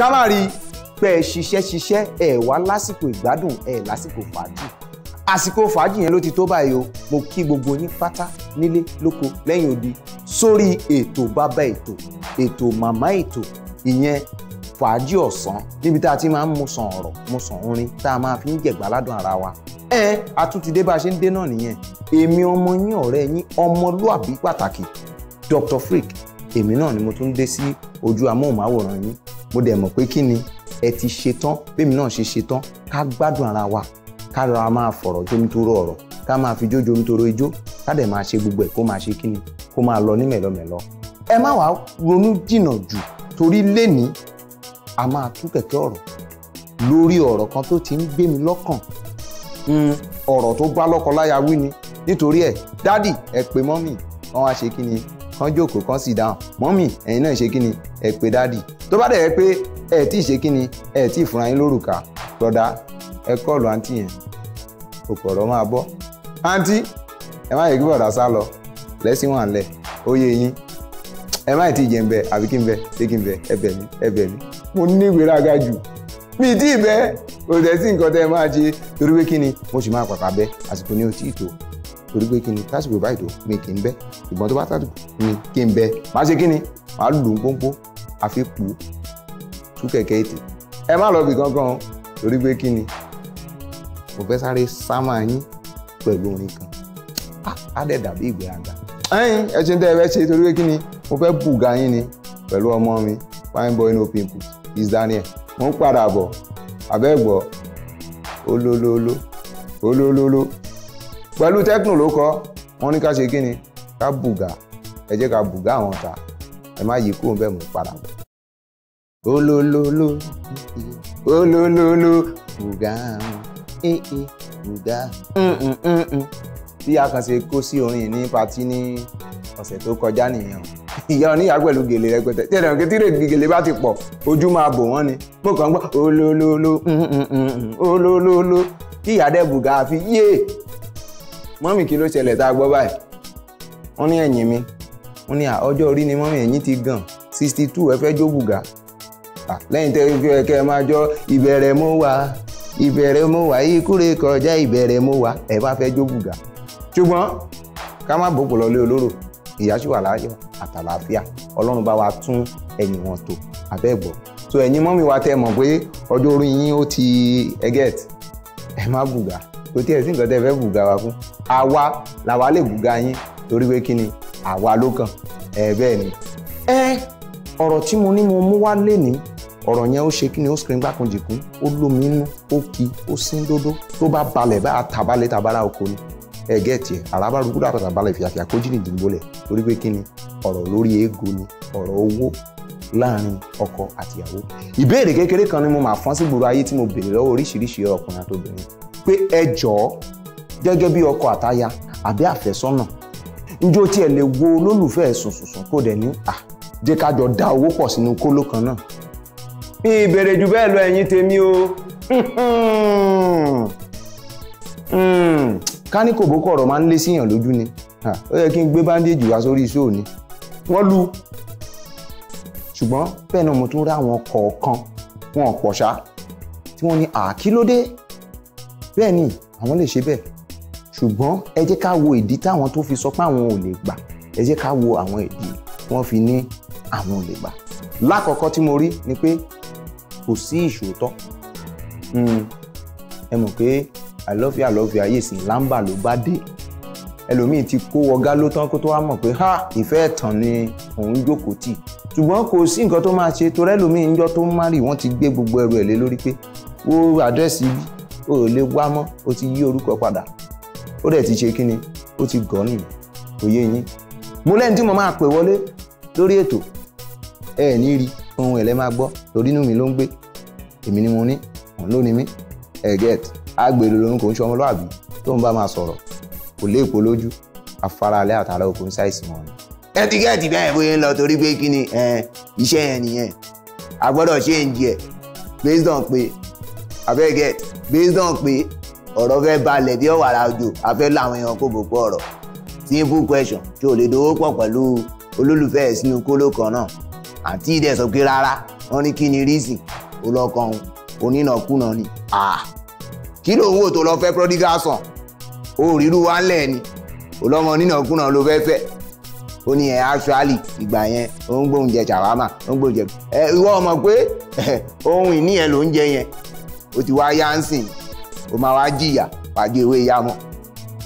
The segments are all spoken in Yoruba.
kámárì pé ẹ ṣiṣẹ́ ṣiṣẹ́ ẹ wá lásìkò ìgbádùn ẹ lásìkò fàájì àsìkò fàájì yẹn ló ti tó báyìí o mo kí gbogbo yín pátá nílé lóko lẹ́yìn odi sórí ètò bàbá ètò ètò màmá ètò ìyẹn fàájì ọ̀sán níbi tá a ti máa ń mu ọ̀rọ̀ mu orin tá a máa fi ń jẹ̀gbá ládùn ara wa ẹ àtúntìdé bá a ṣe ń dé náà nìyẹn èmi ọmọ yín ọ̀rẹ́ yín ọmọlúàbí pàtàkì Dr. Frique èmi náà ni mo tún dé sí ojú amóhùnmáwòrán yín mo dẹ̀ mọ̀ pé kí ni ẹ ti ṣe tán bẹ́mi náà ṣe ṣe tán ká gbádùn ara wa ká rọra máa fọ̀rọ̀ jómitóró ọ̀rọ̀ ká máa fi jójo nítoró ijó ká dẹ̀ máa ṣe gbogbo ẹ̀ kó máa ṣe kí ni kó máa lọ ní mẹ̀lọmẹ̀lọ. ẹ má wàá ronú jìnnà jù torí lẹ́ni a máa tú kẹ̀kẹ́ ọ̀rọ̀ lórí ọ̀rọ̀ kan tó ti ń gbé mi lọ́kàn hmm, ọ̀rọ̀ tó bá lọ́kọ láya wí ni nítorí ẹ̀ dádì ẹ pè mọ́mì wọ́n wá ṣe kí ni kán jókòó kán sì dáhùn mọ́mì ẹ̀yin náà ṣe kí ni ẹ pè dádì tó bá dẹ̀ yẹ pé ẹ tí ì ṣe kí ni ẹ tí ì fúnra yín lórúkà rọ̀dà ẹ kọ́ọ̀lù àǹtí yẹn òkòrò máa bọ́ àǹtí ẹ má yẹ kí bọ̀dà sá lọ lẹ́sìn wà ńlẹ̀ ó yé yín ẹ má ti jẹ ń bẹ àbí kí n bẹ ṣé kí n bẹ ẹ bẹ̀ mí ẹ bẹ̀ mí mo ní ìgbéraga jù mi tí ì bẹ kò dẹ̀ sí nǹkan tẹ́ ẹ máa ṣe torí pé kí ni mo sì máa pàpà bẹ àsìkò ni o tí ì tó torí pé kí ni tásìkò báyìí tó mi kì í bẹ ìgbọ́n tó bá tásìkò mi kì í bẹ má ṣe kí ni má lù ú pọ́npọ́n àfi pò tú kẹ̀kẹ́ ètè ẹ má lọ bì kankan torí pé kí ni mo fẹ́ sáré sámà yín pẹ̀lú orin kan ah, á dẹ̀ dàbí ìgbé àgbà ẹyin ẹ ṣe ń tẹ́ ẹ fẹ́ ṣe torí pé kí ni mo fẹ́ bùgà yín ni pẹ̀lú ọmọ mi fine boy no pimple is Daniel mo ń padà bọ̀ abẹ́gbọ̀ olólóló olólóló pẹ̀lú tẹ́kùn ló kọ́ wọ́n ní ká ṣe kí ni ká bùgà ẹ jẹ́ ká bùgà àwọn ta ẹ má yí kúrò bẹ́ẹ̀ mú padà bọ̀. olólóló olólóló bùgà bùgà bí a kàn ṣe kó sí orin ní patí ní ọ̀sẹ̀ tó kọjá nìyẹn ìyá oníyà pẹ̀lú gèlè rẹpẹtẹ tí ẹ̀dẹ̀rùn kékeré gèlè bá ti pọ̀ ojú máa bò wọ́n ni mo kàn ń gbọ́ olólóló olólóló kí ìyá dẹ́ bùgà àfi yé mọ́mì kí ló ṣẹlẹ̀ tá a gbọ́ báyìí wọ́n ní ẹ̀yìn mi wọ́n ní ọjọ́ orí ni mọ́mí ẹ̀yìn ti gàn sixty two ẹ fẹ́ jó bùgà lẹ́yìn tẹ́ ẹ kẹ́ ẹ máa jọ ìbẹ̀rẹ̀ mo wà ìbẹ̀rẹ̀ mo wà ikúre kọjá ìbẹ̀rẹ̀ mo wà ẹ bá fẹ́ jó bùgà ṣùgbọ́n ká má bòpò lọlé olóró ìyá wà láyọ̀ àtàlàáfíà ọlọ́run bá wa tún ẹ̀yìn wọn tó àbẹ́gbọ̀ so ẹ̀yin mọ́mí wa tẹ́ mọ̀ pé ọjọ́ orí yín ó ti ẹgẹ́t ẹ má bùgà kò tí ẹ̀ sí nǹkan tẹ́ fẹ́ bùgà wa fún àwa làwa lè bùgà yín torí pé kí àwa ló kàn ẹ bẹ́ẹ̀ ni. ẹ ọ̀rọ̀ tí mo ní mo mú wá lénìí ọ̀rọ̀ yẹn ó ṣe kí ni ó screen gbákan jìkún ó lómi inú ó ki ó sín dódó tó bá balẹ̀ bá a tàbálẹ̀ tàbára oko ni ẹ gẹ́ẹ̀tì ẹ̀ àràbàrúkú dàtọ̀ tàbálẹ̀ fìyàfìyà kó jìnnì dìbòlẹ̀ torí pé kí ni ọ̀rọ̀ lórí eego ni ọ̀rọ̀ owó láàrin ọkọ àtìyàwó ìbéèrè kékeré kan ni mo máa fọ́n sí gbòòrò ayé tí mo béèrè lọ́wọ́ oríṣiríṣi ọkùnrin àtobìnrin pé ẹ jọ̀ọ́ gẹ́gẹ́ bí ọkọ àtaya àbí àfẹ́sọ́nà njó tiẹ̀ lè wo olólùfẹ́ ẹ̀ sùn sùn kó dẹ̀ ní à jẹ́ ká jọ da owó pọ̀ sínú kóló kan náà. mi ìbéèrè jù bẹ́ẹ̀ lọ ẹ̀yin tèmi o hmm. ká ní kòbókò ọ̀rọ̀ máa ń lé síyàn lójú ni ó yẹ kí n gbé bandage wá sórí iṣẹ́ òní wọ́n lu ṣùgbọ́n bẹ́ẹ̀ náà mo tún rá àwọn kọ̀ọ̀kan wọn ò pọ̀ ṣá tí wọ́n ní àkílódé bẹ́ẹ̀ ni àwọn lè ṣe bẹ́ẹ̀ ṣùgbọ́n ẹ jẹ́ ká wo ìdí táwọn tó fi sọ pé àwọn ò lè gbà ẹ jẹ́ ká wo àwọn ìdí wọ́n fi ní àwọn ò lè gbà lákọ̀ọ́kọ́ tí mo rí ni pé kò sí ìṣòótọ́ hmm. ẹ mọ̀ pé àlọ́fíà àlọ́fíà ayé sì lámbà ló bá dé ẹlòmíì ti kó wọgá ló tán kó tó wá mọ̀ pé ha ìfẹ́ ẹ̀tàn ni òun jókòó tì ṣùgbọ́n kò sí nǹkan tó máa ṣe torí ẹlòmíì ń jọ́ tó ń márì wọ́n ti gbé gbogbo ẹrù ẹ̀ lé lórí pé ó àdírẹ́sì ibi ó lè wá mọ́ ó ti yí orúkọ padà ó dẹ̀ ti ṣe kíni ó ti gọ̀ nìyí kò yé yín mo lẹ́yìn tí mo máa pè wọlé lórí ètò ẹ ẹ̀ ní rí ohun ẹ̀ lẹ́ máa gbọ́ torí inú mi ló ń gbé èmi ni mo ní òun ló ni mí ẹ̀ get àgbèrè lòun kò ń ṣe ọmọlúwàbí tó ń bá máa sọ̀rọ̀ kò lé èpo lójú afáralẹ́ àtàrà òkú ń ṣàìsàn wọn. ẹ ti gẹ́ẹ̀tì bẹ́ẹ̀ bóyá ń lọ torí pé kí ni iṣẹ́ yẹn nìyẹn a gbọ́dọ̀ ṣe ń jẹ based on pé abẹ́ get based on pé ọ̀rọ̀ fẹ́ balẹ̀ bí ọ̀wàrà òjò afẹ́ làwọn èèyàn kò bò ọ̀rọ̀ simple question tí o lè dowó pọ̀ pẹ̀lú olólùfẹ́ ẹ̀ sínú kóló kan náà àti ìdẹ̀ sọ pé rárá wọ́n ní kí ni rísì olọ́kan onínàkúnà ni kí ló ń wò tó lọ fẹ́ prodigal son òrírú wa ń lẹ̀ ni olọ́mọ onínàkúnà ló fẹ́ fẹ́ ó ní ẹ actually ìgbà yẹn ó ń gbóúnjẹ ṣàwámà ó ń gbóúnjẹ ẹ ìwọ ọmọ pé ohun ìní ẹ ló ń jẹ yẹn ó ti wá yánsìn ó máa wá jìyà pàjọ ewé yámọ̀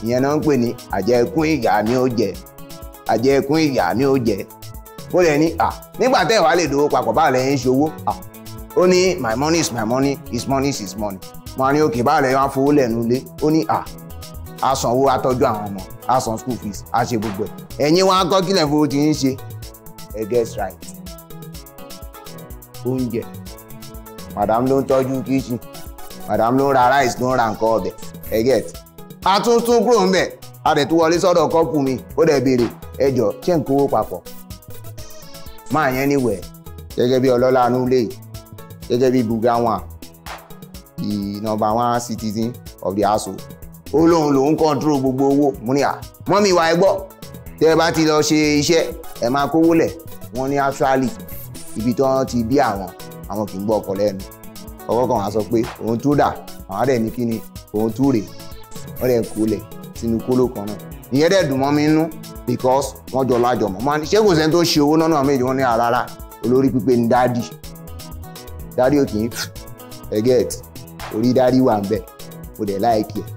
ìyẹn náà ń pè ní àjẹkún ìyà ni ó jẹ àjẹkún ìyà ni ó jẹ ó lẹ ní à nígbà tẹ́ wàá lè dowó papọ̀ báà lẹ́yìn ṣòwò à ó ní my money is my money his money is his money wọn á ní òkè báà lẹ́yìn wá fowó lẹ́nu ilé ó ní à a san owó atọ́jú àwọn ọmọ a san school fees a ṣe gbogbo ẹ̀ ẹ̀yin wọn akọ́ kílẹ̀ fowó ti ń ṣe ẹ guess right oúnjẹ madam ló ń tọ́jú kíchìn madam ló ń ra rice ló ń ra nǹkan ọbẹ̀ ẹ get a tún tún kúrò ń bẹ̀ a dẹ̀ tún wọlé sọ́dọ̀ kọ́pù mi ó dẹ̀ béèrè ẹ jọ ṣé n kówó papọ̀ máa yẹn níwẹ̀ gẹ́gẹ́ bí ọlọ́lá anú lè gẹ́gẹ́ bí buga wọn the number one citizen of the household ó lóun lòun kọ́ńtúrò gbogbo owó mo ní à mọ́mí wa ẹ gbọ́ tẹ́ ẹ bá ti lọ ṣe iṣẹ́ ẹ máa kówó lẹ̀ wọ́n ní actually ibi tí wọ́n ti bí àwọn àwọn kì í gbọ́ ọkọ̀ lẹ́nu ọkọ kan wá sọ pé òun tú dà àwọn adẹ̀ ní kíni òun tú rè wọ́n dẹ̀ kó lẹ̀ sínú kóló kan náà ìyẹn dẹ̀ dùn mọ́ mi nú because wọ́n jọ lájọ mọ́ máa ní ṣé kò sẹ́ni tó ṣe owó náà méjì wọ́n ní àrárá olórí pípé ní dádì dádì ò kì í ẹgẹ́t orí dádì wà ń bẹ̀ mo dẹ̀ láìkí ẹ̀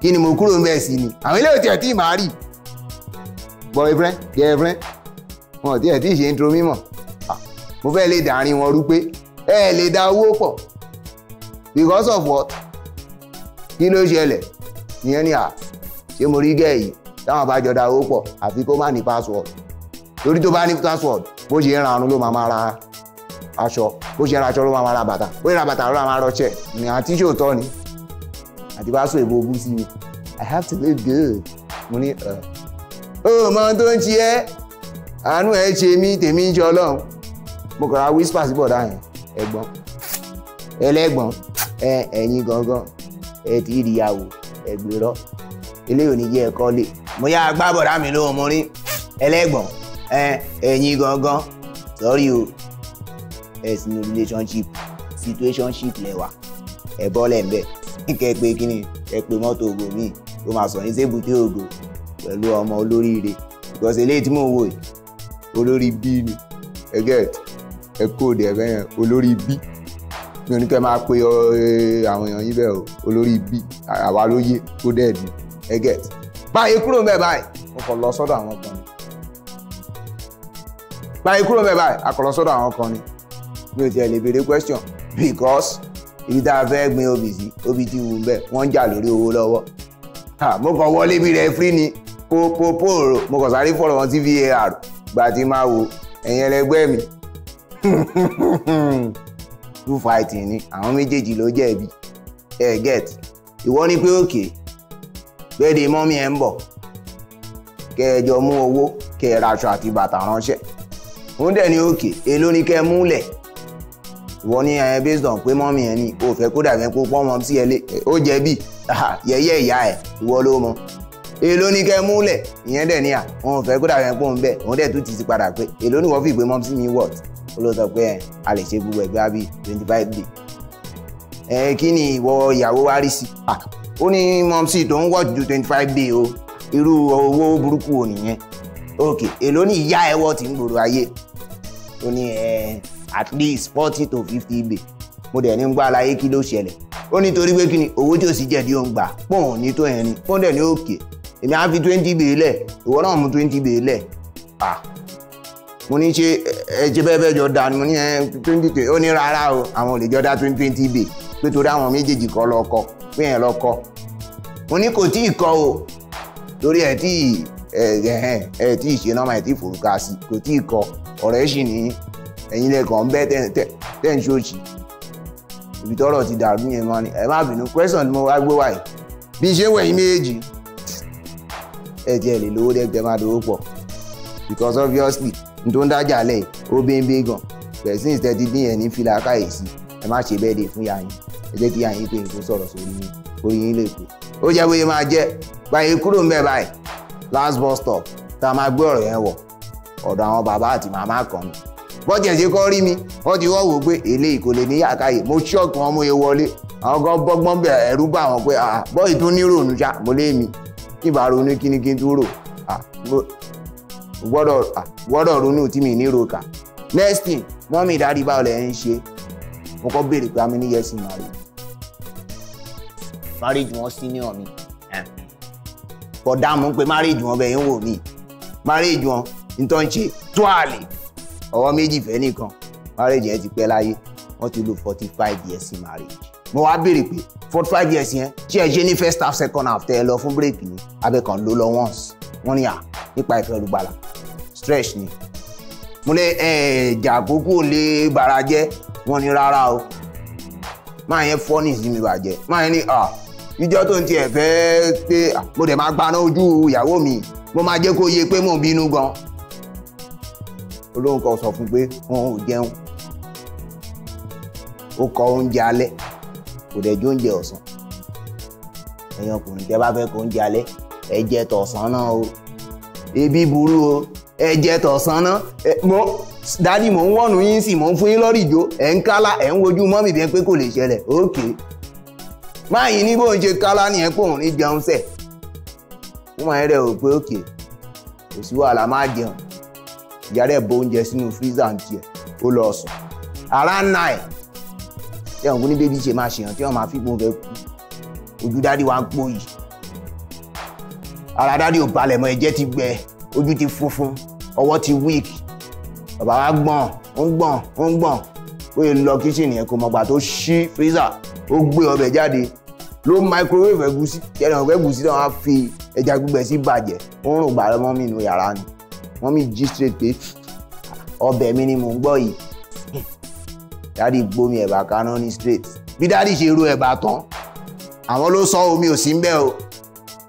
kí ni mo kúrò ń bẹ̀ sí ni àwọn ilé òtí ẹ̀ tí ì máa rì boyfriend girlfriend wọn ò tí ẹ̀ tí ì ṣe intro mímọ̀ ah, mo fẹ́ lè dàárín wọn rú pé ẹ lè da owó pọ̀ because of what kí ló ṣẹlẹ̀ ìyẹn ni à ṣé mo rí gẹ́ẹ̀ yìí táwọn bá jọ dáwó pọ̀ àfi kó má ní password torí tó bá ní password bó ṣe ń ra àrùn ló máa máa ra aṣọ bó ṣe ń ra aṣọ ló máa máa ra bàtà bó ṣe ra bàtà ló máa máa rọṣẹ ní àti ṣe òótọ́ ni àti bá sọ èbó bú sí mi i have to look good mo ní ẹ ó mọ tó ń ṣe ẹ àánú ẹ ṣe mí tèmi ń ṣe Ọlọ́run mo kàn ra whisper sí bọ̀dá yẹn ẹ̀gbọ́n ẹlẹ́gbọ́n ẹ ẹ̀yin gangan ẹ ti rí ìyàwó ẹgbẹ́ rọ eléyìí ò ní jẹ́ ẹ̀kọ́ lè. mo yá agbábọ̀dá mi lóhùn mo rí ẹlẹ́gbọ̀n ẹ ẹ̀yin gangan sọ́rí o ẹ sì ní relationship situationship lẹ́wà ẹ bọ́ lẹ́ńbẹ̀ kẹ́ pé kí ni ẹ pé mọ́tò ògo mi ó máa sọ ní sébùté ògo pẹ̀lú ọmọ olóríire because eléyìí tí mò ń wò yìí olórí bí ni ẹ get ẹ kóòdù ẹ bẹ́yẹn olórí bí mi ò ní kẹ́ máa pe àwọn èèyàn yín bẹ́ẹ̀ o olórí ibi àwa ló yé kó dẹ́ẹ̀ di ẹgẹ́t báyìí kúrò mẹ́ẹ̀ báyìí mo kàn lọ sọ́dọ̀ àwọn kan ni báyìí kúrò mẹ́ẹ̀ báyìí a kàn lọ sọ́dọ̀ àwọn kan ni mi ò tiẹ̀ lè béèrè question because ibi tá a fẹ́ gbin obì sí obì ti wù bẹ́ẹ̀ wọ́n jà lórí owó lọ́wọ́ mo kàn wọlé bí rẹ̀ free ni pòpòpòrò mo kàn sáré fọ̀rọ̀ wọn sí VAR gbà tí máa wo ẹ̀yin ẹlẹgbẹ́ mi. do fighting ni àwọn méjèèjì ló jẹ̀bi ẹ get ìwọ ni pé òkè gbẹ́dẹ̀ mọ́mí ẹ̀ ń bọ̀ kẹ́ ẹ jọ mú owó kẹ́ ẹ raṣọ àti bàtà ránṣẹ́ òun dẹ̀ ni òkè èló ni kẹ́ ẹ múlẹ̀ ìwọ ní ẹ based on pé mọ́mí ẹ ni o fẹ́ kó dàbí ẹ kó pọ́n mọ́ sí ẹ lé ó jẹ̀bi yẹ̀yẹ́ ìyá ẹ̀ ìwọ ló mọ èló ni kẹ́ ẹ múlẹ̀ ìyẹn dẹ̀ ni à òun fẹ́ kó dàbí ẹ kó ń bẹ̀ òun dẹ̀ tún ti ti padà pé èló ni wọ́n fi ìpè mọ́ sí mi wọ̀t olóòótọ́ pé ẹ̀ a lè ṣe gbogbo ẹ̀gbẹ́ àbí twenty five day ẹ̀ kí ni ìwọ ìyàwó wa rí sí i ó ní mọ́mísì tó ń wọ̀ ju twenty five day o irú owó burúkú ò nìyẹn ok èló ní ìyá ẹwọ́ tí ń gbòòrò ayé ó ní at least forty to fifty day mo dẹ̀ ní ń gbọ́ àlàyé kí ló ṣẹlẹ̀ ó ní torí pé kí ni owó tí ò sí jẹ̀dí ò ń gbà pọ̀n ní tó yẹn ni pọ́n dẹ̀ ní òkè èmi á fi twenty bèè lẹ̀ ìwọ náà mú twenty bèè lẹ̀ ah mo ní ṣe ẹjẹ bẹ́ẹ̀ jọ da mo ní ẹ twenty twenty ó ní rárá o àwọn ò lè jọ dá twenty twenty bay pé torí àwọn méjèèjì kọ́ lọ kọ pé yẹn lọ kọ mo ní kò tí ì kọ o torí ẹ tí ì ẹ tí ì ṣe nọ́mà ẹ tí ì forúkà sí kò tí ì kọ ọ̀rẹ́ sì ní ẹ̀yin lẹ́kàn bẹ́ẹ̀ tẹ̀ ń ṣòṣì ibi ti dàrú yẹn mọ́ ni ẹ má bínú question ni mo wá gbé wáyé bí ṣé wẹ̀yìn méjèèjì ẹ tiẹ̀ lè lówó dẹ́gbẹ́ má dowó pọ̀ because obviously n tó ń dájà lẹ̀ ó bẹ́ẹ̀ gan pẹ̀sìn ìtẹ́tí dín ẹ̀ ní fìlà káyèsí ẹ má ṣe bẹ́ẹ̀ dé fún yàrá yín ẹ jẹ́ kí yàrá yín pé nǹkan sọ̀rọ̀ sórí yín orí yín lè pè ó jẹ́ bóyá máa jẹ́ báyìí kúrò ń bẹ̀ báyìí last bus stop tá a máa gbé ọ̀rọ̀ yẹn wọ̀ ọ̀dọ̀ àwọn bàbá àti màmá kan mi bọ́ọ̀tì ṣe kọ́ rí mi wọ́n ti wọ́ pé èlé ìkòlè ní àkàyè mo ṣọ́ọ̀kì wọn mú e wọlé àwọn kan bọ́gbọ́n bẹ̀ ẹ̀rú bá wọn pé ah, ah, bọ́ọ̀ì tún ní ròònù ṣá mo lé mi kí bá ronú kíníkí tó rò ah, gbọ́dọ̀ ronú tí mi ní roka next thing mọ́mí ìdarí báwo lẹ̀ ń ṣe mo kọ́ béèrè pé amíní yẹ́sì marry marriage wọn senior mi kọ̀dá mú pé marriage wọn bẹ́ẹ̀ ń wò mí marriage wọn n tó ń ṣe tó àlè ọwọ́ méjì fẹ́ nìkan marriage yẹn ti pẹ́ láyé wọ́n ti lò forty five years in marriage mo wá béèrè pé forty five years yẹn ṣé ẹ ṣe ní first half second half tẹ ẹ lọ fún bírèkì ni abẹ́kan ló lọ once wọ́n ní à nípa ìfẹ́ olùgbàlà stretch ni mo lé ẹ̀ẹ́dì àkókò lè bara jẹ́ wọ́n ní rárá o máa yẹn fọ́ ní ìsinmi bàjẹ́ máa yẹn ní ìjọ tó ń tiẹ̀ fẹ́ pé mo dẹ̀ máa gbaná ojú ìyàwó mi mo máa jẹ́ kó yé pé mò ń bínú gan olóhùn kan sọ fún pé wọn ò jẹun ó kọ oúnjẹ alẹ́ kò dẹ̀ jó oúnjẹ ọ̀sán ẹ̀yin ọkùnrin tẹ́ bá fẹ́ kó oúnjẹ alẹ́ ẹ jẹ tọ̀sán náà o ebi burú o ẹ jẹ tọ̀sán ná mo dádì mò ń wọ̀nù yín sì mò ń fún yín lọ́rì ìjó ẹ̀ ń kálá ẹ̀ ń wojú mọ́mì bí ẹ pé kò lè ṣẹlẹ̀ ókè báyìí ní bóun ṣe kálá nìyẹn pé òun ní jẹun sẹ̀ ó máa ń rẹ̀ ò pé ókè kò sí wàhálà má jẹun ìyá rẹ̀ bó oúnjẹ sínú fírísà ń tiẹ̀ ó lọ sùn ara ń na ẹ̀ tí àwọn oní bébí ṣe máa ṣèyàn tí wọ́n máa fi gbóhùn fẹ́ kú ojú dádì wa ń pòyì ara dádì ò balẹ̀ mọ́ ẹ̀jẹ̀ ti gbẹ ojú ti funfun ọwọ́ ti weak bàbá wa gbọ̀n ó ń gbọ̀n ó ń gbọ̀n ó yẹ lọ kíṣìnì yẹn kò mọ̀gbà tó ṣí freezer ó gbé ọbẹ̀ jáde ló microwave ẹ̀gúsí tẹ̀lé ọ̀gá ẹ̀gúsí náà wá fi ẹja gbígbẹ sí bàjẹ́ ó ń rùn gbàrẹ́ mọ́mì inú yàrá ni mọ́mì jí straight pé ọbẹ̀ mi ni mò ń gbọ́ yìí dáàdi gbomi ẹ̀bà kaná ní straight bí dáàdi ṣe ro ẹ̀bà tán àwọn ló sọ omi ò sí ń bẹ́ o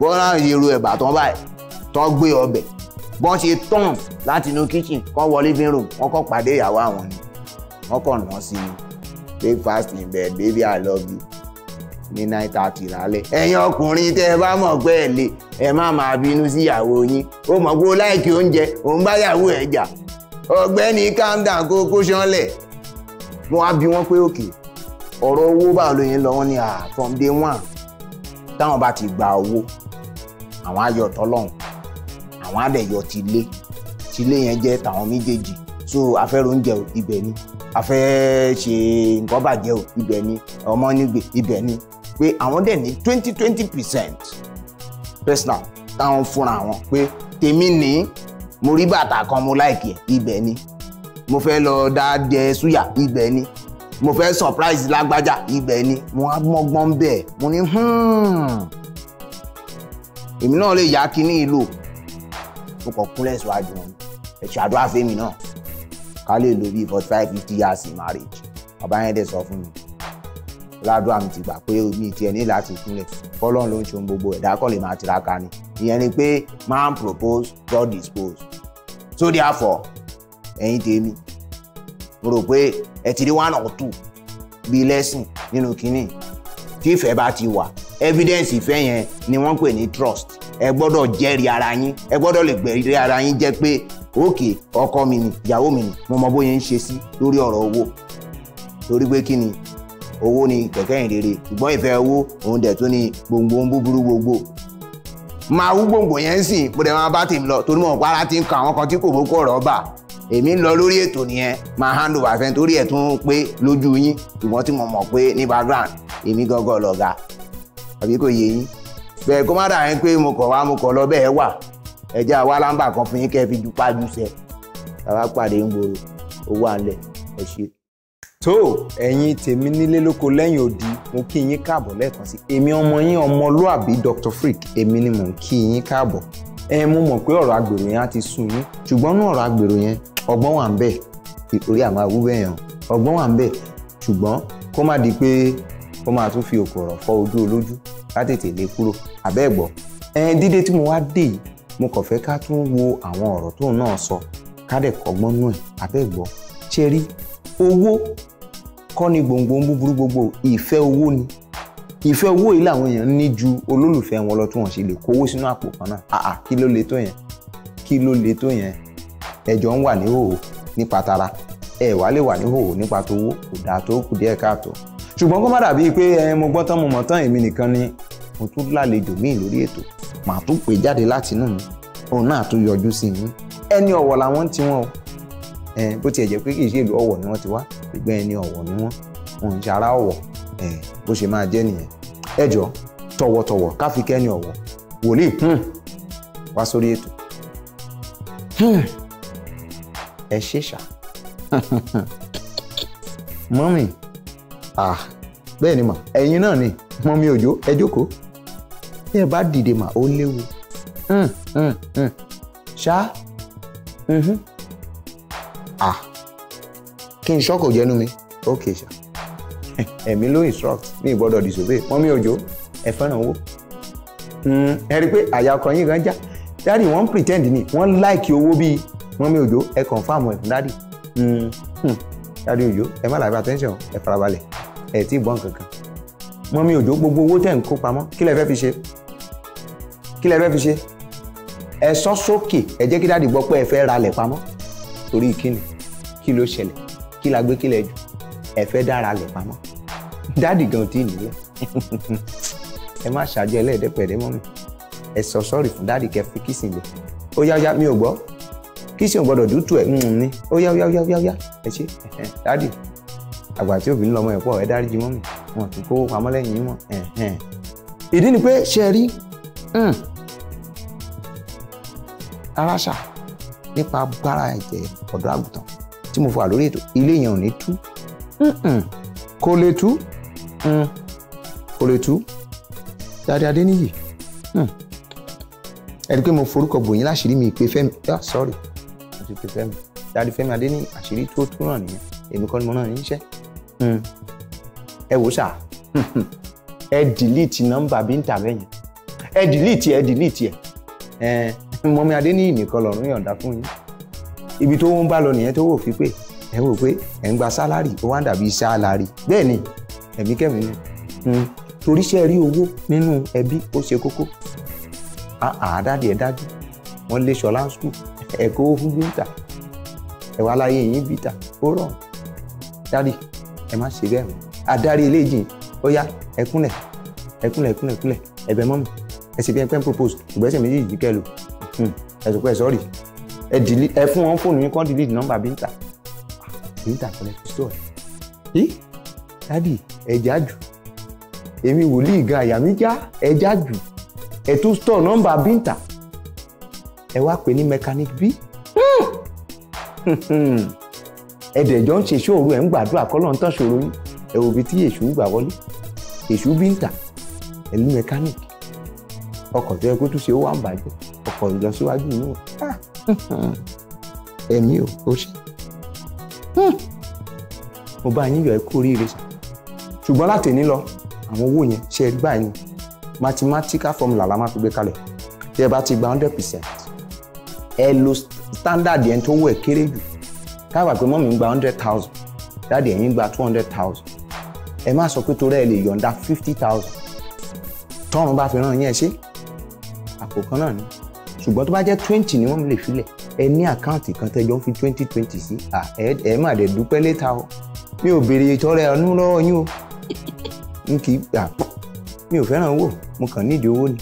wọ́n náà ṣe ro ẹ̀bà tán báyìí tán gbé ọbẹ̀ bọ́n ṣe tán láti inú kitchen kọ́ wọ living room wọ́n kọ́ pàdé ìyàwó àwọn ni wọ́n kàn rán sí i breakfast in bed baby i love you ní nine thirty lálẹ́. ẹ̀yin ọkùnrin tẹ́ ẹ bá mọ̀ pé ẹ lè ẹ má máa bínú sí ìyàwó yín ó mọ̀ pé ó láìkí oúnjẹ òun bá yàwó ẹ̀ jà ọ̀gbẹ́ni calm down kó kó ṣánlẹ̀. mo wá bí wọ́n pé òkè ọ̀rọ̀ owó báwo ló yẹn lọ wọ́n ah, from day one táwọn bá ti gba owó àwọn ayọ̀ tọ́lọ́hún àwọn àdẹ̀yọ ti lé ti lé yẹn jẹ́ tàwọn méjèèjì so afẹ́rò oúnjẹ o ibẹ̀ ni afẹ́ ṣe nǹkan bàjẹ́ o ibẹ̀ ni ọmọ nígbè ibẹ̀ ni pé àwọn dẹ̀ ní twenty twenty percent personal táwọn fúnra wọn pé tèmi ní mo rí bàtà kan mo láìkì ẹ̀ ibẹ̀ ni mo fẹ́ lọ dá jẹ súyà ibẹ̀ ni mo fẹ́ surprise lágbájá ibẹ̀ ni mo á mọ́gbọ́n bẹ́ẹ̀ mo ní hmm. èmi náà lè yá kínní ìlò tún kọ síwájú wọn ẹ fẹ́mi náà ká lè lo bíi forty five fifty years in marriage bàbá yẹn dẹ̀ sọ fún mi ládùúgbà mi ti gbà pé mi tiẹ̀ ní láti kúnlẹ̀ fọlọ́n ló ń ṣe ohun gbogbo ẹ̀dá kọ́ lè máa tiraka ni ìyẹn ni pé man propose God dispose so therefore ẹ̀yin tèmi mo rò pé ẹ ti rí one or two bíi lesson nínú kínní tí ìfẹ́ bá ti wà evidence ìfẹ́ yẹn ni wọ́n pè ní trust ẹ gbọ́dọ̀ jẹ́rìí ara yín ẹ gbọ́dọ̀ lè gbẹ̀rí ara yín jẹ́ pé òkè ọkọ mi ni ìyàwó mi ni mo mọ bóyá ń ṣe sí lórí ọ̀rọ̀ owó torí pé kí ni owó ni kẹ̀kẹ́ ìrere ṣùgbọ́n ìfẹ́ owó òun dẹ̀ tún ni gbòǹgbò ń búburú gbogbo máa wú gbòǹgbò yẹn ń sìn bó dẹ̀ máa bá tèmi lọ torí mọ̀ pàrà ti ń kan àwọn kan tí kò bókó ọ̀rọ̀ bà èmi ń lọ lórí ètò nìyẹn máa hand over torí ẹ̀ tún pé lójú yín ṣùgbọ́n tí mo mọ̀ pé ní background èmi gọ́gọ́ lọ̀gá àbí kò yín bẹ́ẹ̀ kó má dà yín pé mo kọ̀ wá mo kọ̀ lọ bẹ́ẹ̀ wà ẹ̀jẹ̀ àwa lámbà kan fún yín kẹ́ fi ju pájú sẹ́ bàbá pàdé ń gbòòrò owó àlẹ̀ ẹ̀ ṣe. tó ẹ̀yin tèmi nílé lóko lẹ́yìn odi mo kí yín káàbọ̀ lẹ́ẹ̀kan sí èmi ọmọ yín ọmọlúàbí Dr Frique èmi ni mò ń kí yín káàbọ̀ ẹ mo mọ̀ pé ọ̀rọ̀ agbèrò yẹn á ti sùn yín ṣùgbọ́n ní ọ̀rọ̀ agbèrò yẹn ọgbọ́n wà ń bẹ̀ orí àmà wúwẹ̀ yẹn ọgbọ́n wà ń bẹ̀ ṣùgbọ́n kó má di pé kó máa tún fi òkò ọ̀rọ̀ ojú olójú ká tètè lè kúrò àbẹ́ ẹ̀gbọ́ ẹn dídé tí mo wá dé yìí mo kàn fẹ́ ká tún wo àwọn ọ̀rọ̀ tóun náà sọ ká dẹ̀ kọ́gbọ́n nú ẹ̀ ṣe rí owó kọ́ ni gbòǹgbò ń búburú gbogbo ìfẹ́ owó ni ìfẹ́ owó yìí làwọn èèyàn ní ju olólùfẹ́ wọn lọ tí wọ́n ṣe lè kówó sínú àpò kan náà àà kí ló le tó yẹn kí ló le tó yẹn ẹjọ́ ń wà níhòòhò nípa tara ẹ wàá wà níhòòhò nípa towó kò dáa tó kù díẹ̀ káàtó ṣùgbọ́n kó má dàbí pé ẹ mo gbọ́n tán mo mọ̀ tán èmi nìkan ni mo tún lálejò míì lórí ètò màá tún pè jáde láti inú mi òun náà tún yọjú sí mi ẹni ọ̀wọ̀ làwọn ti wọn o bó tiẹ̀ jẹ́ pé kì í ṣe ìlú ọ̀wọ̀ ni wọ́n ti wá ṣùgbọ́n ẹni ọ̀wọ̀ ni wọ́n òun ṣe ara ọ̀wọ̀ bó ṣe máa jẹ́ nìyẹn ẹ jọ tọ̀wọ̀tọ̀wọ̀ káfí kẹ́ni ọ̀wọ̀ wòlíì hmm, wá sórí ètò hmm. ẹ ṣèṣà mọ́mì ah bẹ́ẹ̀ ni mà ẹ̀yin náà ni mọ mi òjò ẹ jókòó tí ẹ bá dìde mà ó léwu hmm, hmm, hmm. ṣá ah kí n ṣọ́kò jẹ́nu mi ok ṣá ẹ̀mí ló instruct ní ìgbọ́dọ̀ disobey mọ mi òjò ẹ fẹ́ràn owó ẹ rí i pé àyà ọkọ yín kan já dádì wọ́n ń pretend ni wọ́n láìkí owó bíi mọ́mí òjò ẹ confam ẹ̀ fún dádì dádì òjò ẹ má làbẹ́ attention ẹ farabalẹ̀ ẹ̀ tí gbọ́n kankan mọ́mí òjò gbogbo owó tẹ̀ ń kó pamọ́ kí lẹ fẹ́ fi ṣe kí lẹ fẹ́ fi ṣe ẹ sọ sókè ẹ jẹ́ kí dáàdì gbọ́ pé ẹ fẹ́ ralẹ̀ pamọ́ torí kíni kí ló ṣẹlẹ̀ kí la gbé kí lẹ jù ẹ fẹ́ dára lẹ̀ pamọ́ dáàdì gan tí nìyẹn ẹ má ṣàjọ ẹlẹ́ẹ̀dẹ́pẹ̀ẹ́dẹ́ mọ́mí ẹ sọ sọ́ọ̀rì fún dáàdì kẹ́ fi kìsìn lẹ̀ ó yá yá mi ò gbọ́ kìsìn ò gbọ́dọ̀ dútù ẹ̀ ń hmm, ní ó yá yá yá yá ẹ ṣe dáàdì àgbà tí òbí ń lọmọ ẹ̀pọ̀ ẹ̀ dáríjì mọ́ mi wọn kì í kówó pamọ́ lẹ́yìn yín mọ́ ìdí ni pé ṣe rí aráṣà hmm, nípa agbára ẹ̀jẹ̀ ọ̀dọ́ àgùntàn tí mo fọ àlórí ètò ilé yẹn ò ní tú kò lè tú hmm. kò lè tú dáadé adéníyì hmm. ẹni pé mo forúkọ bòyìn láṣìírí mi ìpè fẹ́mi ah sorry mo ti pè fẹ́mi dáadé fẹ́mi adéníyì àṣírí tó tú náà nìyẹn èmi kọ́ ni mo náà ní í ṣe. ẹ wò sà ẹ dìlítì nọ́mbà bí ń tà bẹ́yẹn ẹ dìlítì ẹ dìlítì ẹ yọ̀ǹda ibi tó ń lọ nìyẹn tó wò fi pé ẹ wò pé ẹ ń gba sálárì ó wá ń dàbí sálárì bẹ́ẹ̀ ni ẹ̀mí kẹ́mi ni hmm, torí ṣe rí owó nínú ẹbí ó ṣe kókó àádáde ẹ dájú ẹ má ṣe bẹ́ẹ̀ mọ́ adarí ilé ìjìn ó yá ẹkúnlẹ̀ ẹkúnlẹ̀ ẹkúnlẹ̀ ẹkúnlẹ̀ ẹ̀bẹ̀ mọ́mù ẹ sì bí ẹpẹ́ ń propose ìgbésẹ̀ méjì yìí kẹ́ lò hmm, ẹ sọ pé ẹ sọ́ọ̀rì ẹ fún wọn fóònù yín kọ́ delete nọ́mbà bíńtà bíńtà kọ́lẹ̀ sọ́ọ̀ ẹ dábì ẹ̀já jù èmi wòlíì gan àyà mi já ẹ̀já jù ẹ̀ tún store nọ́mbà bíńtà ẹ wá pè ní mechanic b. Hmm. ẹ̀dẹ̀jọ́ ń ṣe ṣòro ẹ̀ ń gbàdúrà kọ́lọ́ ń tán ṣòro yín ẹ̀ wò bí tí èṣù gbà wọlé èṣù bí ń tà ẹ̀lú mẹkáníìkì ọkọ̀ tó yẹ kó tún ṣe ó wà ń bàjẹ́ ọkọ̀ ìlọsíwájú inú ah, ẹ̀mí ò ó ṣe hmm, mo bá yín yọ ẹ kú oríire sàn ṣùgbọ́n láti ní lọ àwọn owó yẹn ṣe é gbà yín mathematical formula la máa fi gbé kalẹ̀ tí ẹ bá ti gba hundred percent ẹ lo standard yẹn tó wọ ẹ kéré jù káwà pé mọ́mí ń gba hundred thousand dáàdì ẹ̀yin gba two hundred thousand ẹ má sọ pé torí ẹ lè yọ̀ǹda fifty thousand tọ́run bá fi ràn yín ẹ ṣe àpò kan náà ni ṣùgbọ́n tó bá jẹ́ twenty ni wọ́n lè filẹ̀ ẹ ní àkáǹtì kan tẹ́jọ́ ń fi twenty twenty sí ẹ má dẹ̀ dúpẹ́ létà o mi ò béèrè ìtọ́rẹ ọdún lọ́wọ́ yín o n kì í gbà pọ̀ mi ò fẹ́ràn owó mo kàn nídìí owó ni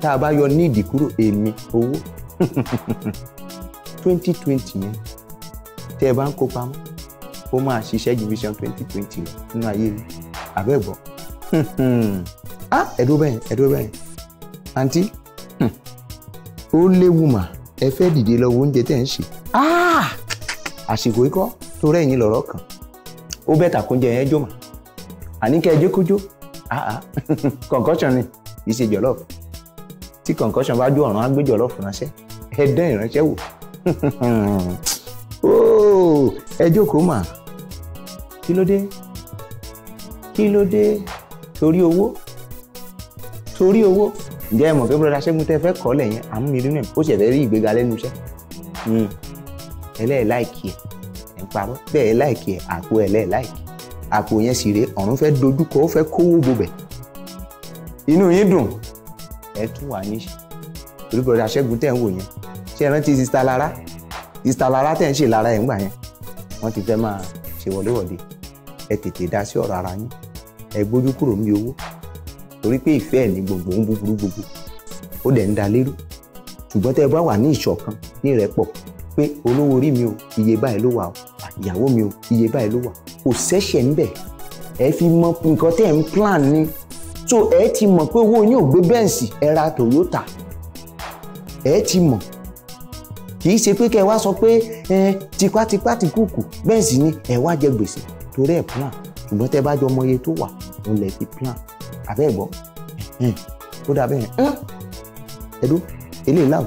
tá a bá yọ nídìí kúrò èmi owó twenty twenty yẹn tí ẹ bá ń kó pamọ́ ó máa ṣiṣẹ́ ju vision twenty twenty lọ nínú ayé mi àbẹ́gbọ́ ah, ẹ̀dó bẹ́ẹ̀ ẹ̀dó bẹ́ẹ̀ àǹtí hmm, ó léwu mà ẹ fẹ́ dìde lọ wo oúnjẹ tẹ̀ ń ṣe ah, àsìkò ikọ́ tó rẹ̀yìn lọ́rọ̀ kan ó bẹ́tà kóúnjẹ yẹn jó mà àníkẹ́ ẹjọ́ kójó ah, concoction ni kì í ṣe jọ̀lọ́ọ̀fù tí concoction bá jó ọ̀ràn á gbé jọ̀lọ́ọ̀fù ránṣẹ́ ẹ dán ìránṣẹ́ wò. ẹ jókòó mà kí ló dé kí ló dé torí owó torí owó ǹjẹ́ ẹ mọ̀ pé bọ́lá ṣẹ́gun tẹ́ fẹ́ kọ́ lẹ́yìn àmúmirinú ẹ̀ ó ṣẹ̀fẹ́ rí ìgbéga lẹ́nu iṣẹ́ hmm. ẹlẹ́ẹ̀ láìkì ẹ̀ ẹ̀ ń parọ́ bẹ́ẹ̀ láìkì ẹ̀ àpò ẹlẹ́ẹ̀ láìkì àpò yẹn sì rèé ọ̀run fẹ́ dojúkọ ó fẹ́ kówó bobẹ̀ inú yín dùn ẹ tún wà níṣẹ́ torí bọ́lá ṣẹ́gun tẹ́ ń wò yẹn ṣé ẹ rántí sista lára ìsàlára tẹ̀ ń ṣe lára ẹ̀ ńgbà yẹn wọ́n ti fẹ́ máa ṣe wọléwọ̀de ẹ tètè dá sí ọ̀rọ̀ ara yín ẹ gbójú kúrò ní owó torí pé ìfẹ́ ẹ̀ ní gbogbo ń búburú gbogbo ó dẹ̀ ń da lérú ṣùgbọ́n tẹ́ bá wà ní ìṣọ̀kan ní ìrẹ́pọ̀ pé olówó orí mi o iye báyìí ló wà o ìyàwó mi o iye báyìí ló wà kò sẹ́sẹ̀ ńbẹ̀ ẹ fi mọ nǹkan tẹ́ ń plan ni so ẹ ti mọ̀ pé owó yín ò gbé bẹ́ǹsì ẹ ra Toyota ẹ ti mọ̀ kì í ṣe pé kẹ́ ẹ wá sọ pé ẹ tipátipá ti kúkù bẹ́ẹ̀ sì ni ẹ wá jẹ gbèsè torí ẹ plan ṣùgbọ́n tẹ́ bá jọ mọ iye tó wà òun lè fi plan àbẹ́ ẹ̀gbọ́n ó dà bẹ́ẹ̀ ẹ̀dú eléyìí láwù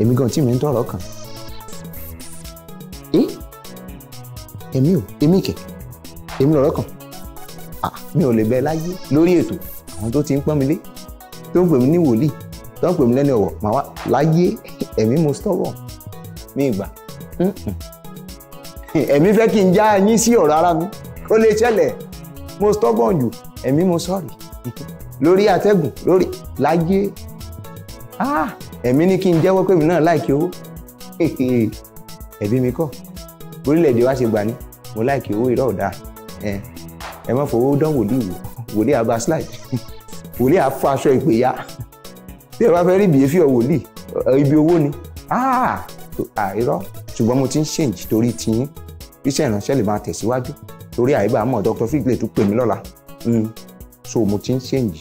èmi gan tí mi ń tọrọ kàn èmi ò èmi kẹ̀ èmi lọ̀rọ̀ kàn mi ò lè bẹ láyé lórí ètò àwọn tó ti ń pọ́n mi lé tó ń pè mí ní wòlíì tó ń pè mí lẹ́ni ọ̀wọ̀ màá wá láyé ẹ̀mí mo stubborn mi gbà ẹ̀mí fẹ́ kí n já yín sí ọ̀rọ̀ ara mi ó lè ṣẹlẹ̀ mo stubborn jù ẹ̀mí mo sorry lórí atẹ́gùn lórí láyé ah! ẹ̀mí ní kí n jẹ́wọ́ pé mi náà láìkí owó ẹ̀bí mi kọ́ orílẹ̀-èdè wa ṣe gbà ní mo láìkí owó irọ́ ọ̀dà ẹ má fowó dán wòlíì wò wòlíì àbá slide wòlíì àfọ aṣọ ìpèyà tí ẹ bá fẹ́ rí bìyẹ́fì ọ̀ wòlíì Eh, ibi owó ni àìrọ́ ah, ah, ṣùgbọ́n mo ti ń ṣèǹjì torí tiyín iṣẹ́ ìránṣẹ́ lè máa tẹ̀síwájú torí àìbá mọ̀ Dr. Figile tún pè mí lọ́la hmm. so mo ti ń ṣèǹjì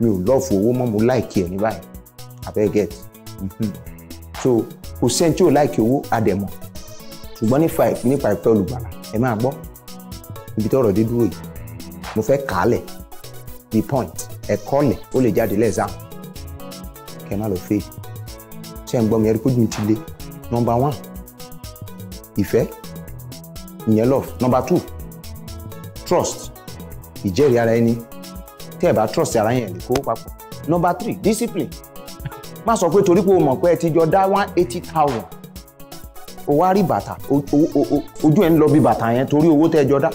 mi ò lọ́ọ̀fù owó mọ́ mo láìkí ẹ̀ ní báyìí abẹ́ get hmm. so kò sẹ́ni tí ò láìkí owó àdẹ̀mọ̀ ṣùgbọ́n nípa ìfẹ́ olùgbàlà ẹ máa gbọ́ ibi tọ́rọ̀ dé dúró yìí mo fẹ́ kà á lẹ̀ the point ẹ̀kọ́ lẹ̀ ó lè jáde lẹ́ẹ̀sán kẹ́ má lọ fèèjì ṣe ń gbọ́ mi ẹ̀rí pójú mi ti le number one ìfẹ́ ìyẹn love number two trust ìjẹ́rìí ara ẹni tẹ́ ẹ̀ bá trust ara yẹn lè kó papọ̀ number three discipline má sọ pé torí pé o mọ̀ pé ẹ ti jọ dá one eighty thousand o wá rí bàtà ojú ẹ̀ ń lọ bí bàtà yẹn torí owó tẹ́ jọ dá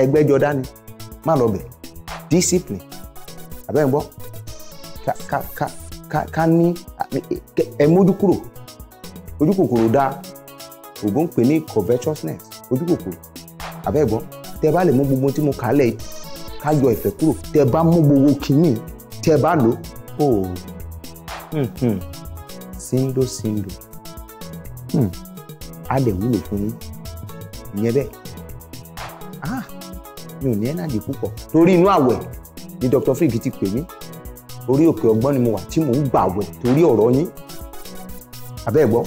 ẹgbẹ́ jọ dá ni má lọ bẹ̀ discipline àbẹ́ ń gbọ́ ká ká ká ká ní ẹ mójú kúrò ojú kòkòrò dáa ògbó ń pè ní covetousness ojú kòkòrò àbẹ́gbọ́n tẹ bá lè mú gbogbo tí mo kà á lẹ̀ ká yọ ìfẹ́ kúrò tẹ bá mú gbogbo kìíní tẹ bá lò ó hmm, hmm. síndó síndó hmm, á dẹ̀ wúlò fún yín ìyẹn bẹ́ẹ̀ ah, mi ò ní ẹ́ náà di púpọ̀ torí inú àwẹ̀ ni Dr. Frik ti pè mí orí òkè ọgbọ́n ni mo wà tí mò ń gbà wẹ̀ torí ọ̀rọ̀ yín abẹ́ẹ̀ gbọ́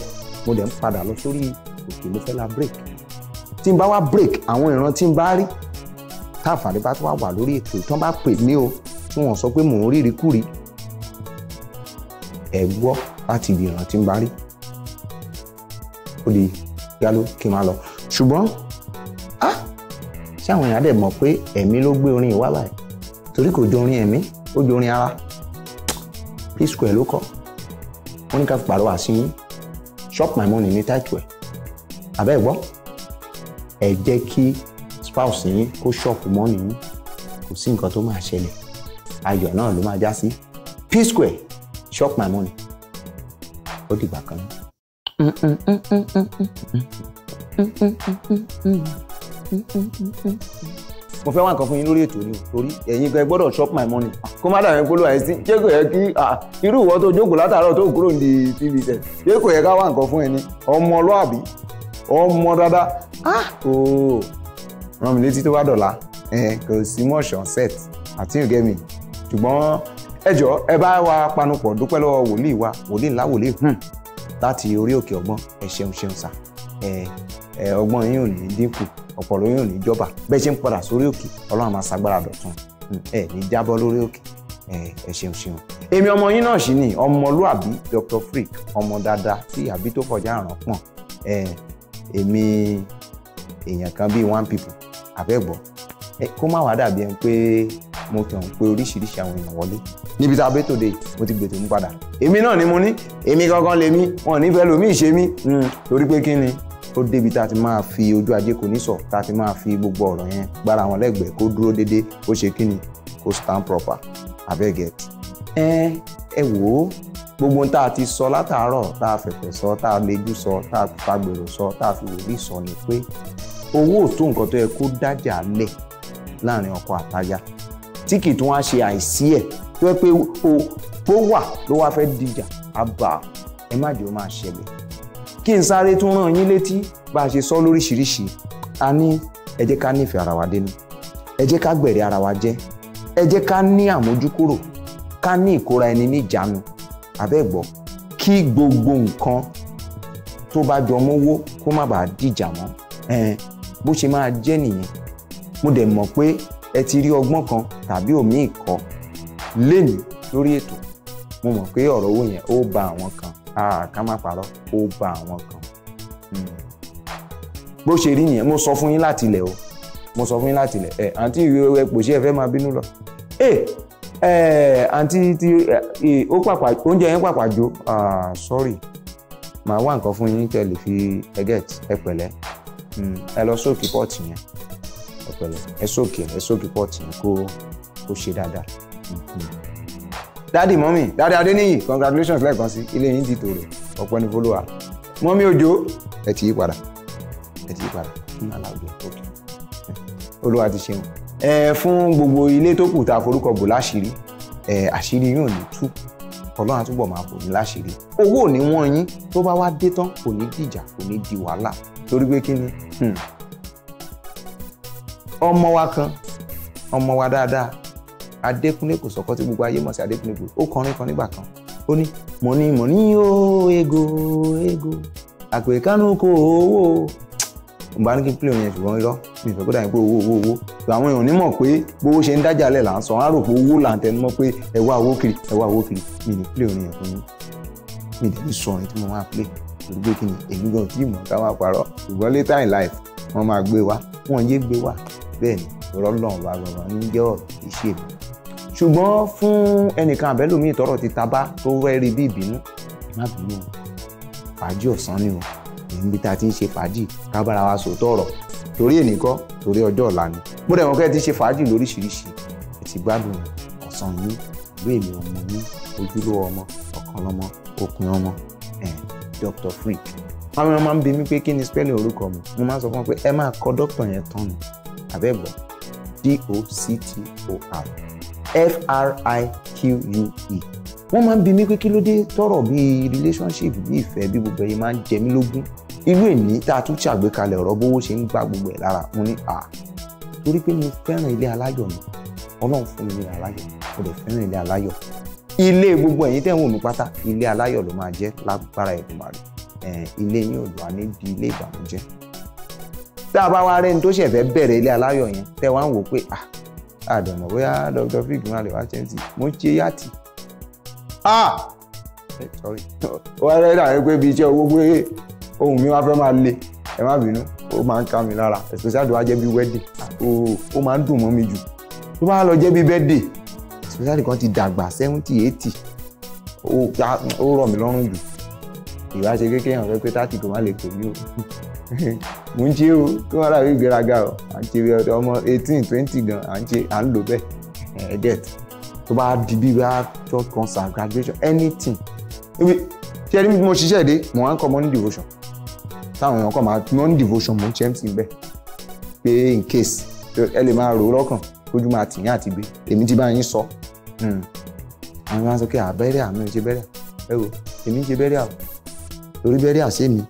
mo dẹ̀ ń padà lọ sórí òkè mo fẹ́ la break tí n bá wá break àwọn ìran tí n bá rí táàfàdé bá tó wà wà lórí ètò ìtàn bá pè mí o tí wọ́n sọ pé mò ń rírí kúri ẹ̀ gbọ́ láti ibi ìran tí n bá rí ó di yálò kí n máa lọ ṣùgbọ́n á ah, ṣé àwọn èèyàn dẹ̀ mọ̀ pé ẹ̀mí ló gbé orin ìwá báyìí torí kò jọ orin ẹ̀mí ó jọ orin ara p square ló kọ́ wọ́n ní ká pàrọwà sí shop my money ní tight wear àbẹ́ ìgbọ́ ẹ jẹ́ kí spouse yín kó shop money yín kò sí nǹkan tó máa ṣẹlẹ̀ ayọ̀ náà ló máa já sí p square shop my money ó dìgbà kan náà. Mm-mm-mm-mm-mm. Mm-mm-mm-mm-mm mo fẹ́ wá nǹkan fún yín lórí ètò ni o torí ẹ̀yin gan gbọ́dọ̀ shop my money kó má dàbí polówó àìsí ṣé kò yẹ kí irú ìwọ tó jókòó látàárọ̀ tó kúrò ní tv tẹ̀ ṣé kò yẹ ká wá nǹkan fún ẹni ọmọlúàbí ọmọ dáadáa ah ooo ràn mí létí tó bá dọ̀la kò sí mọ̀ṣán set àti you get me ṣùgbọ́n ẹ jọ ẹ bá wa panupọ̀ dúpẹ́ lọ́wọ́ wòlíì wa wòlíì ńlá wòlíì hùn hmm, láti orí òkè ọgbọ́n ẹ ṣeun ṣeun sà ẹ ọgbọ́n yín ò ní dínkù ọ̀pọ̀ lóyún ní ìjọba bẹ́ẹ̀ ṣe ń padà sórí òkè ọlọ́run máa ṣagbára dọ̀tun hmm, ẹ ní jábọ́ lórí òkè ẹ ṣeun ṣeun. èmi ọmọ yín náà sì ni ọmọlúàbí Dr Frique ọmọ dáadáa tí àbí tó kọjá àràn pọ̀n èmi èèyàn kan bíi one people àbẹ́gbọ́ kó má wàá dàbí ẹni pé mo tẹ̀ ń pé oríṣiríṣi àwọn èèyàn wọlé níbi tá a bẹ́ tòde mo ti gbètò ń padà èmi náà ni mo ní èmi gangan lèmi wọn ò ní fẹ́ lomi ìṣe mi hmm, torí pé kí ni ó débi tá a ti máa fi ojú ajé kò ní sọ tá a ti máa fi gbogbo ọ̀rọ̀ yẹn gbára àwọn lẹ́gbẹ̀ẹ́ kó dúró déédéé kó ṣe kíni kó stand proper abeg get. ẹ ẹ wò ó gbogbo tá a ti sọ látàárọ̀ tá a fẹ̀fẹ̀ sọ tá a lejú sọ tá a fagbèrò sọ tá a fi wòlíì sọ ni pé owó ò tó nǹkan tó yẹ kó dájà lẹ̀ láàrin ọkọ àtaya tí kì í tún wá ṣe àìsí ẹ̀ tó yẹ pé ó wà ló wá fẹ́ dìjà àbá ẹ má jẹ́ ó máa ṣẹlẹ̀ kí n sáré tún ràn yín létí bá a ṣe sọ lóríṣiríṣi a ní ẹ jẹ́ ká nífẹ̀ẹ́ ara wa dénú ẹ jẹ́ ká gbẹ̀rẹ̀ ara wa jẹ́ ẹ jẹ́ ká ní àmójúkúrò ká ní ìkóra ẹni níjàánu abẹ́gbọ́ kí gbogbo nǹkan tó bá jọ mówó kó má bàa dìjà mọ́ bó ṣe máa jẹ́ nìyẹn mo dẹ̀ mọ̀ pé ẹ ti rí ọgbọ́n kan tàbí òmíì kọ́ lénìí lórí ètò mo mọ̀ pé ọ̀rọ̀ owó yẹn ó ba àwọn kan ká má parọ́ ó ba àwọn kan hmm. bó ṣe rí nìyẹn mo sọ fún yín láti ilẹ̀ o mo sọ fún yín láti ilẹ̀ ẹ àǹtí ìwé epo ṣé ẹ fẹ́ máa bínú lọ ẹ eh, ẹ àǹtí ti ó pàpà oúnjẹ yẹn pàpà jó sorry màá wá nǹkan fún yín kẹ́ lè fi ẹgẹ́t ẹ pẹ̀lẹ́ hmm, ẹ lọ sóòkì pọ́ọ̀tì yẹn ẹ pẹ̀lẹ́ ẹ sóòkì ẹ sóòkì pọ́ọ̀tì yẹn kó kó ṣe dáadáa. Hmm, dáàdì mọ́mì dáàdì adéníyì congratulations lẹ́ẹ̀kan sí ilé yín ti tòrò ọ̀pọ̀ ní fọlọ́wà mọ́mì òjò ẹ ti yí padà ẹ ti yí padà aláwùjọ òkè olúwa ti ṣeun ẹ fún gbogbo ilé tó kù tá a forúkọ bò láṣìírí ẹ àṣírí yóò ní tú ọlọ́run àtúbọ̀ máa bò ní láṣìírí owó ò ní wọ́n yín tó bá wá dé tán kò ní dìjà kò ní di wàhálà torí pé kí ni hmm. ọmọ wa kan ọmọ wa dáadáa Adékúnlé kò sọ̀kọ́ tí gbogbo ayé mọ̀ sí Adékúnlé Gold ó kọrin kan nígbà kan ó ní mọ̀ní mọ̀ní o ego ego àpè kánú kò owó n bá ní kí n pílẹ̀ yẹn ṣùgbọ́n irọ́ mi ìfẹ́ kó dà ní pé owó owó owó tó àwọn èèyàn onímọ̀ pé bówó ṣe ń dájà lẹ̀ là ń sọ wọn pé owó là ń tẹnu mọ́ pé ẹ wá owó kiri ẹ wá owó kiri mi ní pílẹ̀ yẹn fún yín mi ní ní sọ tí mo máa pílẹ̀ gbogbo kí ni èmi gan tí mọ̀ ká máa parọ́ ṣùgbọ́n later in life wọ́n máa gbé wa wọ́n yé gbé wa bẹ́ẹ̀ ni ọ̀rọ̀ bá gbọ̀ngàn ń jẹ́ ọ̀rọ̀ ìṣèlú ṣùgbọ́n fún ẹnìkan àbẹ́lòmíì tọrọ ti ta bá tó rẹ́rí bí ìbínú má bínú fàájì ọ̀sán ni o níbi tá a ti ń ṣe fàájì kábàárà wa sòótọ́ ọ̀rọ̀ torí ènì kọ́ torí ọjọ́ ọ̀la ni mo dẹ̀ mọ̀ kẹ́ ẹ ti ṣe fàájì lóríṣiríṣi ẹ gbádùn ọ̀sán yín ìlú èmi ọmọ yín ojúlówó ọmọ ọ̀kan lọ́mọ okùn ọmọ Dr. Frique àwọn ọmọ máa ń bi mí pé kí ni spelling orúkọ mi mo máa ń sọ fún wọn pé ẹ máa kọ dókítà yẹn tán ni àbẹ́gbọ́ D-O-C-T-O-R f-r-i-q-u-e wọ́n máa ń bi mí pé kí ló dé tọ̀rọ̀ bíi relationship bíi ìfẹ́ bí gbogbo ẹ̀yìn máa ń jẹ mí lógún irú èní tá a tún ṣàgbékalẹ̀ ọ̀rọ̀ bówó ṣe ń gba gbogbo ẹ̀ lára mo ní à torí pé mo fẹ́ràn ilé aláyọ̀ ni ọlọ́run fún mi ní aláyọ̀ mo dẹ̀ fẹ́ràn ilé aláyọ̀ ilé gbogbo ẹ̀yin tẹ̀ ń wò mí pátá ilé aláyọ̀ ló máa jẹ́ lágbára Èdùmàrè ilé yín òdùá ní di ilé ìbànújẹ́ tá a bá wá rẹ́ni tó ṣẹ̀fẹ́ bẹ̀rẹ̀ ilé aláyọ̀ yẹn tẹ́ wá ń wò pé ah àdèmọ̀ bóyá dr fig máa lè wá chẹ́ǹtì mo ń ṣe yàtì ah sorry wọ́n rẹ́ dàbí pé bíi iṣẹ́ owó pé ohun mi wá fẹ́ máa le ẹ má bínú ó máa ń ká mi lára especially tó bá jẹ́ bíi wedding ó máa ń dùn mọ́ mi jù tó bá lọ jẹ́ bíi birthday especially kan ti dàgbà seventy eighty ó rọ̀ mí lọ́rùn jù ìbáṣe kékeré hàn fẹ́ pé tátì kò má lè pè mí o. mò ń ṣe o kí wọ́n rà wí gbéraga o à ń ṣe ọmọ eighteen twenty gan à ń ṣe à ń lò bẹ́ẹ̀ ẹ̀ get tó bá di bí bá church concert graduation anything ebi ṣe ẹni mo ṣiṣẹ́ de, mo wá ń kọ́ morning devotion táwọn èèyàn kọ́ máa morning devotion mo ń ṣe mc bẹ́ẹ̀ pé in case ẹ lè máa rò ó lọ́kàn lójú máa tì yín àti gbé èmi ti bá yín sọ hmm. àwọn máa ń sọ pé àbẹ́rẹ́ àmì ṣe bẹ́rẹ́ ẹ wo èmi ń ṣe bẹ́rẹ́ àwọn torí bẹ́rẹ́ àṣẹ mi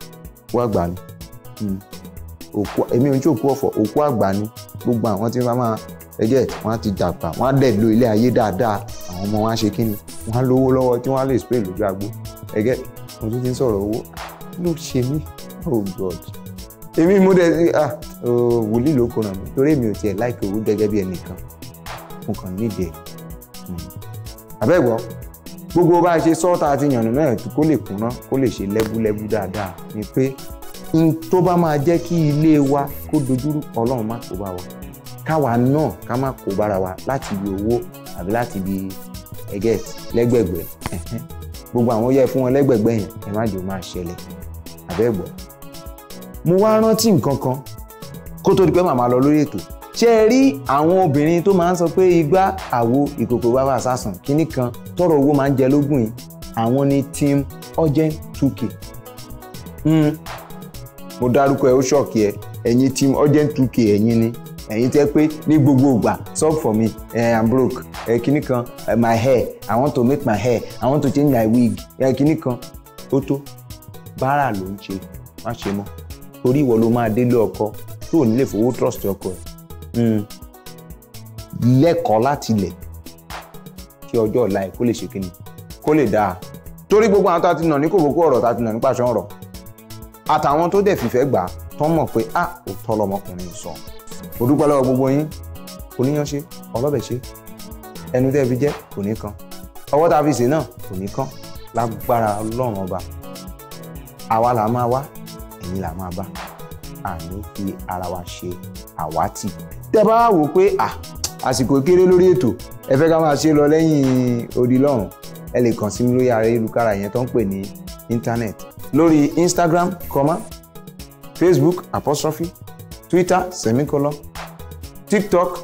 wá gbà mí òkú òkú èmi ò ń ṣe òkú ọ̀fọ̀ òkú àgbà ni gbogbo àwọn tí wọ́n máa ẹgẹ́ wọ́n á ti dàgbà wọ́n á dẹ̀ lo ilé ayé dáadáa àwọn ọmọ wọn á ṣe kíni wọ́n á lówó lọ́wọ́ tí wọ́n á lè spray lójú agbo ẹgẹ́ mo tún ti ń sọ̀rọ̀ owó ló ṣe mí oh god èmi mo dẹ̀ sí ah wòlíì ló kọ̀nà mi torí èmi ò tiẹ̀ láìpẹ́ owó gẹ́gẹ́ bí ẹnìkan mo kàn nídìí ẹ̀ hmm. àbẹ́gbọ́ gbogbo bá a ṣe sọ́ọ̀tà àti yànnà náà kó lè kúnná kó lè ṣe lẹ́búlẹ́bú dáadáa ni pé n tó bá máa jẹ́ kí ilé wa kó dojúrú ọlọ́run má kó bá wa káwa náà ká má kó bára wa láti ibi owó àbí láti ibi ẹgẹ lẹ́gbẹ̀gbẹ̀ gbogbo àwọn yẹ fún wọn lẹ́gbẹ̀gbẹ̀ yẹn ẹ má jò máa ṣẹlẹ̀ àbẹ́gbọ̀. mo wá rántí nǹkan kan kó tó di pé màmá lọ lórí ètò ṣé ẹ rí àwọn obìnrin tó máa ń sọ pé igbá àwo ìkòkò bàbá àsásàn kínní kan tọrọ owó máa ń jẹ lógún yìí àwọn ni team urgent 2k mo dárúkọ ẹ ó ṣọ̀kì ẹ ẹ̀yin team urgent 2 ẹ̀yin ni ẹ̀yin tẹ́ pé ní gbogbo sub for me i'm broke kan my hair i want to make my hair i want to change my wig eh, kan ó tó báárà ló ń ṣe má ṣe mọ́ torí ìwọ ló máa ọkọ ọkọ ẹ̀ hmm. lẹ́kọ̀ọ́ láti lẹ̀ kí ọjọ́ ọ̀la ẹ̀ kó lè ṣe gbogbo àwọn a ti nà ní kòkòkò ọ̀rọ̀ tá a àtàwọn tó dẹ̀ fìfẹ́ gbà tó mọ̀ pé a ah, ò tọ́ lọmọkùnrin sọ mo dúpẹ́ lọ́wọ́ gbogbo yín oníyanṣe ọlọ́bẹ̀ṣe ẹnu tẹ́ fi jẹ́ kò ní kan ọwọ́ tá a fi sè náà kò ní kan lágbára ọlọ́run ọba àwa là máa wá ẹ̀yin là máa bá àní fi ara wa ṣe àwátì tẹ́ wò pé à àsìkò kéré lórí ètò ẹ fẹ́ ká máa ṣe lọ lẹ́yìn odi lọ́run ẹ lè kàn sí mi lórí ayélujára yẹn tó ń pè ní íńtánẹ́ẹ̀tì lórí instagram comma facebook apostrophe twitter semicolon tiktok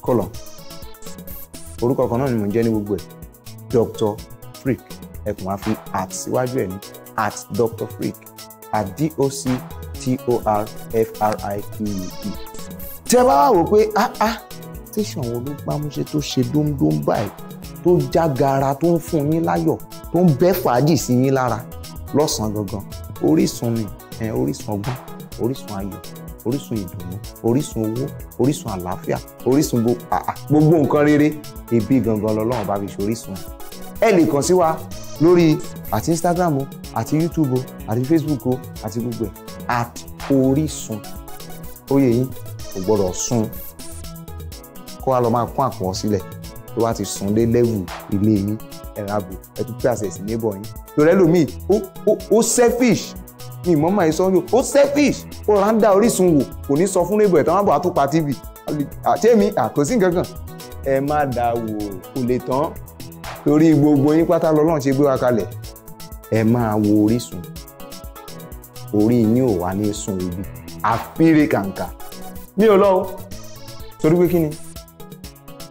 colon orúkọ kan náà ni mò ń jẹ́ ní gbogbo ẹ̀ dr frick ẹ wá fi at síwájú ẹ̀ ní at dr freak at d o c t o r f r i e, e tí ẹ bá wá wò pé ah ah tẹ̀sán wo ló gbámúṣe tó ṣe dóńdó báyìí tó já gaara tó ń fún yín láyọ̀ tó ń bẹ́ fàájì sí yín lára lọ́sàn-án gangan orísun ni orísun ọgbọ́n orísun ayọ̀ orísun ìdùnnú orísun owó orísun àlàáfíà orísun gbogbo nǹkan rere ibi gangan lọ́lọ́run bá fi ṣe orísun ẹ lè kàn sí wa lórí àti Instagram o àti YouTube o àti Facebook o àti gbogbo ẹ̀ at orísun oyè yín kò gbọ́dọ̀ sùn kó wa lọ máa kún àpò sílẹ̀ tó bá ti sùn dé lẹ́wù ilé yín ẹ̀rà àbò ẹ tún process neighbor yín torí ẹlòmíì ó selfish ní ìmọ̀ máa sọ yóò ó selfish ó rà ń dá Orísun wò kò ní sọ fún neighbor ẹ̀ tán wọ́n bọ̀ á tún pa tv àtẹ́mi àkọsí kankan ẹ má dá wò kò lè tán torí gbogbo yín pátá lọ́lọ́run ṣe gbé wa kalẹ̀ ẹ máa wo Orísun orí yín ò wá ní sun ibi àfírí kàǹkà mi ò lọ o torí pé kí ni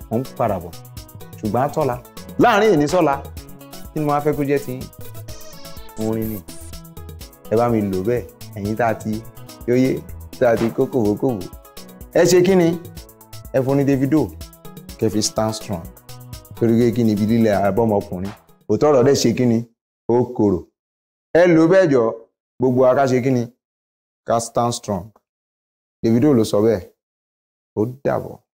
mo ń padà bọ̀ ṣùgbọ́n á tọ́la láàrin èní sọ́la kí ni mo wá fẹ́ kó jẹ́ ti orin ni ẹ bá mi lò bẹ́ẹ̀ ẹ̀yin tá a ti yóyé tá a ti kó kòbókòbó ẹ ṣe kí ni ẹ fún ní Davido kẹfì stand strong torí pé kí ni ibi lílẹ̀ àbọ̀mọkùnrin òótọ́ ọ̀rọ̀ dẹ̀ ṣe kí ni ó korò ẹ lò bẹ́ẹ̀ jọ gbogbo aká ṣe kí ni ká stand strong Davido ló sọ bẹ́ẹ̀ ó dàbọ̀.